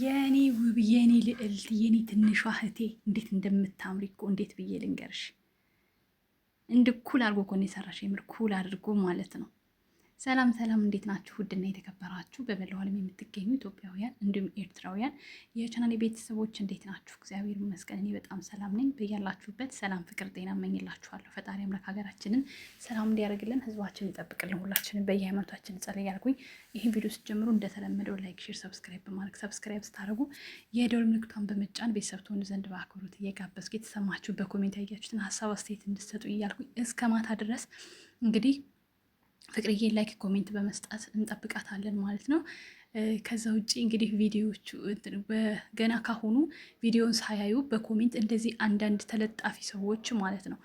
የኔ ውብ የኔ ልዕልት የኔ ትንሿ እህቴ እንዴት እንደምታምሪ እኮ እንዴት ብዬ ልንገርሽ። እንድ ኩል አድርጎ እኮ ነው የሰራሽ። የምር ኩል አድርጎ ማለት ነው። ሰላም ሰላም፣ እንዴት ናችሁ? ውድና የተከበራችሁ በመላው ዓለም የምትገኙ ኢትዮጵያውያን እንዲሁም ኤርትራውያን የቻናል ቤተሰቦች እንዴት ናችሁ? እግዚአብሔር ይመስገን እኔ በጣም ሰላም ነኝ። በያላችሁበት ሰላም፣ ፍቅር፣ ጤና እመኝላችኋለሁ። ፈጣሪ አምላክ ሀገራችንን ሰላም እንዲያደርግልን ህዝባችን ይጠብቅልን። ሁላችንን በየሃይማኖታችን ጸለይ ያልኩኝ። ይህን ቪዲዮ ስትጀምሩ እንደተለመደው ላይክ፣ ሼር፣ ሰብስክራይብ በማድረግ ሰብስክራይብ ስታደርጉ የደወል ምልክቷን በመጫን ቤተሰብ ትሆኑ ዘንድ በአክብሮት እየጋበዝኩ የተሰማችሁ በኮሜንት ያያችሁትን ሀሳብ አስተያየት እንድትሰጡ እያልኩኝ እስከ ማታ ድረስ እንግዲህ ፍቅርዬ ላይክ ኮሜንት በመስጣት እንጠብቃታለን ማለት ነው። ከዛ ውጭ እንግዲህ ቪዲዮዎቹ ገና ካሁኑ ቪዲዮን ሳያዩ በኮሜንት እንደዚህ አንዳንድ ተለጣፊ ሰዎች ማለት ነው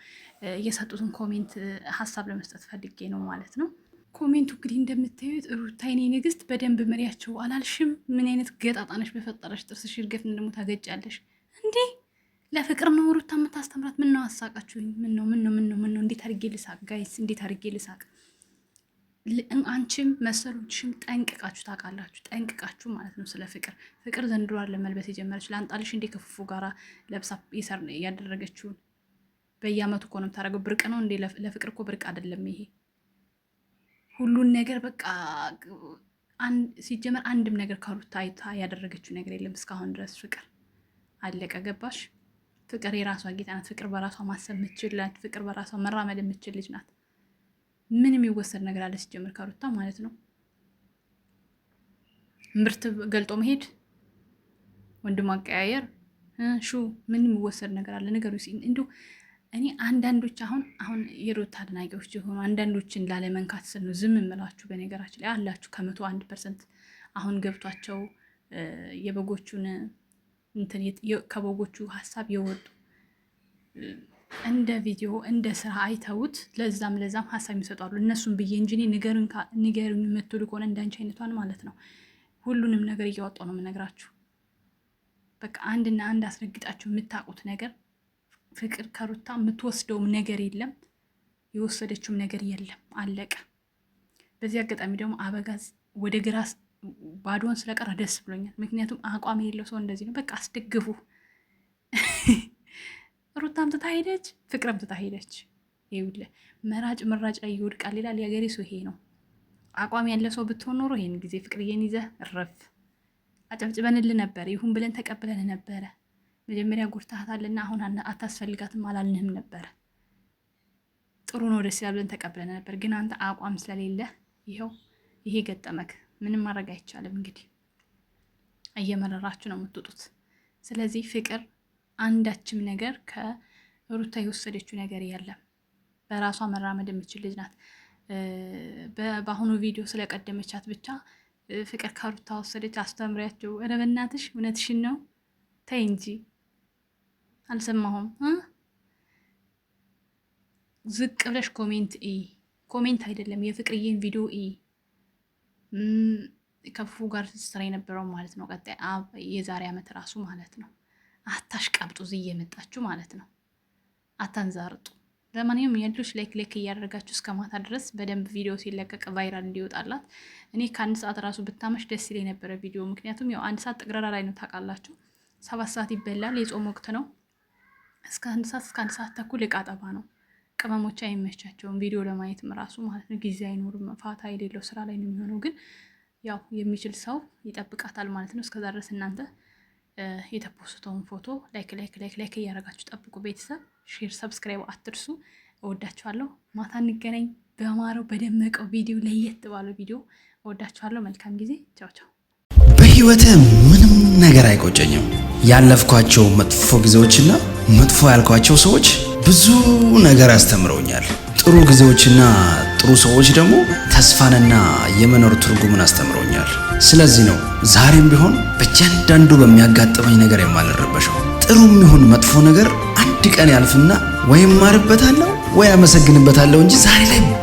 የሰጡትን ኮሜንት ሀሳብ ለመስጠት ፈልጌ ነው ማለት ነው። ኮሜንቱ እንግዲህ እንደምታዩት ሩታይኔ ንግስት በደንብ መሪያቸው አላልሽም? ምን አይነት ገጣጣነሽ በፈጠረሽ ጥርስሽ እርገፍን ደግሞ ታገጫለሽ እንዴ? ለፍቅር ነው ሩታ የምታስተምራት? ምን ነው አሳቃችሁኝ? ምን ነው ምን ነው ምን ነው ምን ነው? እንዴት አድርጌ ልሳቅ ጋይስ? እንዴት አድርጌ ልሳቅ? አንቺም መሰሎችሽም ጠንቅቃችሁ ታውቃላችሁ። ጠንቅቃችሁ ማለት ነው ስለ ፍቅር ፍቅር ዘንድሯን ለመልበስ የጀመረች ለአንጣልሽ እንዴ ከፉፉ ጋራ ለብሳ እያደረገችውን በየአመቱ እኮ ነው የምታደርገው። ብርቅ ነው እንዴ? ለፍቅር እኮ ብርቅ አይደለም ይሄ ሁሉን ነገር በቃ ሲጀመር አንድም ነገር ከሩታ አይታ ያደረገችው ነገር የለም እስካሁን ድረስ። ፍቅር አለቀ። ገባሽ? ፍቅር የራሷ ጌታ ናት። ፍቅር በራሷ ማሰብ የምትችል ናት። ፍቅር በራሷ መራመድ የምትችል ልጅ ናት። ምን የሚወሰድ ነገር አለ ሲጀምር ከሩታ ማለት ነው። ምርት ገልጦ መሄድ፣ ወንድም አቀያየር ሹ ምን የሚወሰድ ነገር አለ? ነገሩ እንዲ እኔ አንዳንዶች አሁን አሁን የሩታ አድናቂዎች የሆኑ አንዳንዶችን ላለመንካት ስል ነው ዝም እምላችሁ። በነገራችን ላይ አላችሁ ከመቶ አንድ ፐርሰንት አሁን ገብቷቸው የበጎቹን እንትን ከበጎቹ ሀሳብ የወጡ እንደ ቪዲዮ እንደ ስራ አይተውት ለዛም ለዛም ሀሳብ ይሰጣሉ። እነሱም ብዬ እንጂ ንገሩኝ የምትሉ ከሆነ እንዳንቺ አይነቷን ማለት ነው ሁሉንም ነገር እያወጣሁ ነው የምነግራችሁ። በቃ አንድና አንድ አስረግጣችሁ የምታውቁት ነገር ፍቅር ከሩታ የምትወስደውም ነገር የለም፣ የወሰደችውም ነገር የለም። አለቀ። በዚህ አጋጣሚ ደግሞ አበጋዝ ወደ ግራ ባዶን ስለቀረ ደስ ብሎኛል። ምክንያቱም አቋም የሌለው ሰው እንደዚህ ነው። በቃ አስደግፉ ሩታም ትታ ሄደች፣ ፍቅርም ትታ ሄደች። መራጭ መራጭ ላይ ይወድቃል ይላል የአገሬ ሰው። ይሄ ነው አቋም ያለ ሰው ብትሆን ኖሮ ይሄን ጊዜ ፍቅርዬን ይዘህ እረፍ። አጨብጭበንልህ ነበረ፣ ይሁን ብለን ተቀብለን ነበረ። መጀመሪያ ጎድታሃታልና አሁን አታስፈልጋትም አላልንህም ነበረ። ጥሩ ነው ደስ ይላል ብለን ተቀብለን ነበር። ግን አንተ አቋም ስለሌለ ይኸው ይሄ ገጠመክ። ምንም ማድረግ አይቻልም። እንግዲህ እየመረራችሁ ነው የምትወጡት። ስለዚህ ፍቅር አንዳችም ነገር ከሩታ የወሰደችው ነገር የለም። በራሷ መራመድ የምችል ልጅ ናት። በአሁኑ ቪዲዮ ስለቀደመቻት ብቻ ፍቅር ከሩታ ወሰደች። አስተምሪያቸው። ኧረ በእናትሽ እውነትሽን ነው ተይ እንጂ አልሰማሁም። ዝቅ ብለሽ ኮሜንት እይ። ኮሜንት አይደለም የፍቅርዬን ቪዲዮ እይ። ከፉ ጋር ስራ የነበረው ማለት ነው። ቀጣይ የዛሬ ዓመት ራሱ ማለት ነው። አታሽቃብጡ፣ እዚህ እየመጣችሁ ማለት ነው። አታንዛርጡ። ለማንኛውም የልጆች ላይክ ላይክ እያደረጋችሁ እስከ ማታ ድረስ በደንብ ቪዲዮ ሲለቀቅ ቫይራል እንዲወጣላት። እኔ ከአንድ ሰዓት ራሱ ብታመሽ ደስ ይለኝ የነበረ ቪዲዮ፣ ምክንያቱም ያው አንድ ሰዓት ጥግረራ ላይ ነው ታውቃላችሁ። ሰባት ሰዓት ይበላል፣ የጾም ወቅት ነው። እስከ አንድ ሰዓት እስከ አንድ ሰዓት ተኩል እቃ ጠባ ነው። ቅመሞች አይመቻቸውም ቪዲዮ ለማየትም ራሱ ማለት ነው። ጊዜ አይኖርም፣ ፋታ የሌለው ስራ ላይ ነው የሚሆነው። ግን ያው የሚችል ሰው ይጠብቃታል ማለት ነው። እስከዛ ድረስ እናንተ የተፖስተውን ፎቶ ላይክ ላይክ ላይክ ላይክ እያደረጋችሁ ጠብቁ። ቤተሰብ ሼር፣ ሰብስክራይብ አትርሱ። እወዳችኋለሁ። ማታ እንገናኝ በማረው በደመቀው ቪዲዮ፣ ለየት ባለው ቪዲዮ። እወዳችኋለሁ። መልካም ጊዜ። ቻው ቻው። በህይወት ምንም ነገር አይቆጨኝም። ያለፍኳቸው መጥፎ ጊዜዎችና መጥፎ ያልኳቸው ሰዎች ብዙ ነገር አስተምረውኛል። ጥሩ ጊዜዎችና ጥሩ ሰዎች ደግሞ ተስፋንና የመኖር ትርጉምን አስተምረውኛል። ስለዚህ ነው ዛሬም ቢሆን በእያንዳንዱ በሚያጋጥመኝ ነገር የማልረበሸው። ጥሩም ይሁን መጥፎ ነገር አንድ ቀን ያልፍና ወይ እማርበታለሁ ወይ አመሰግንበታለሁ እንጂ ዛሬ ላይ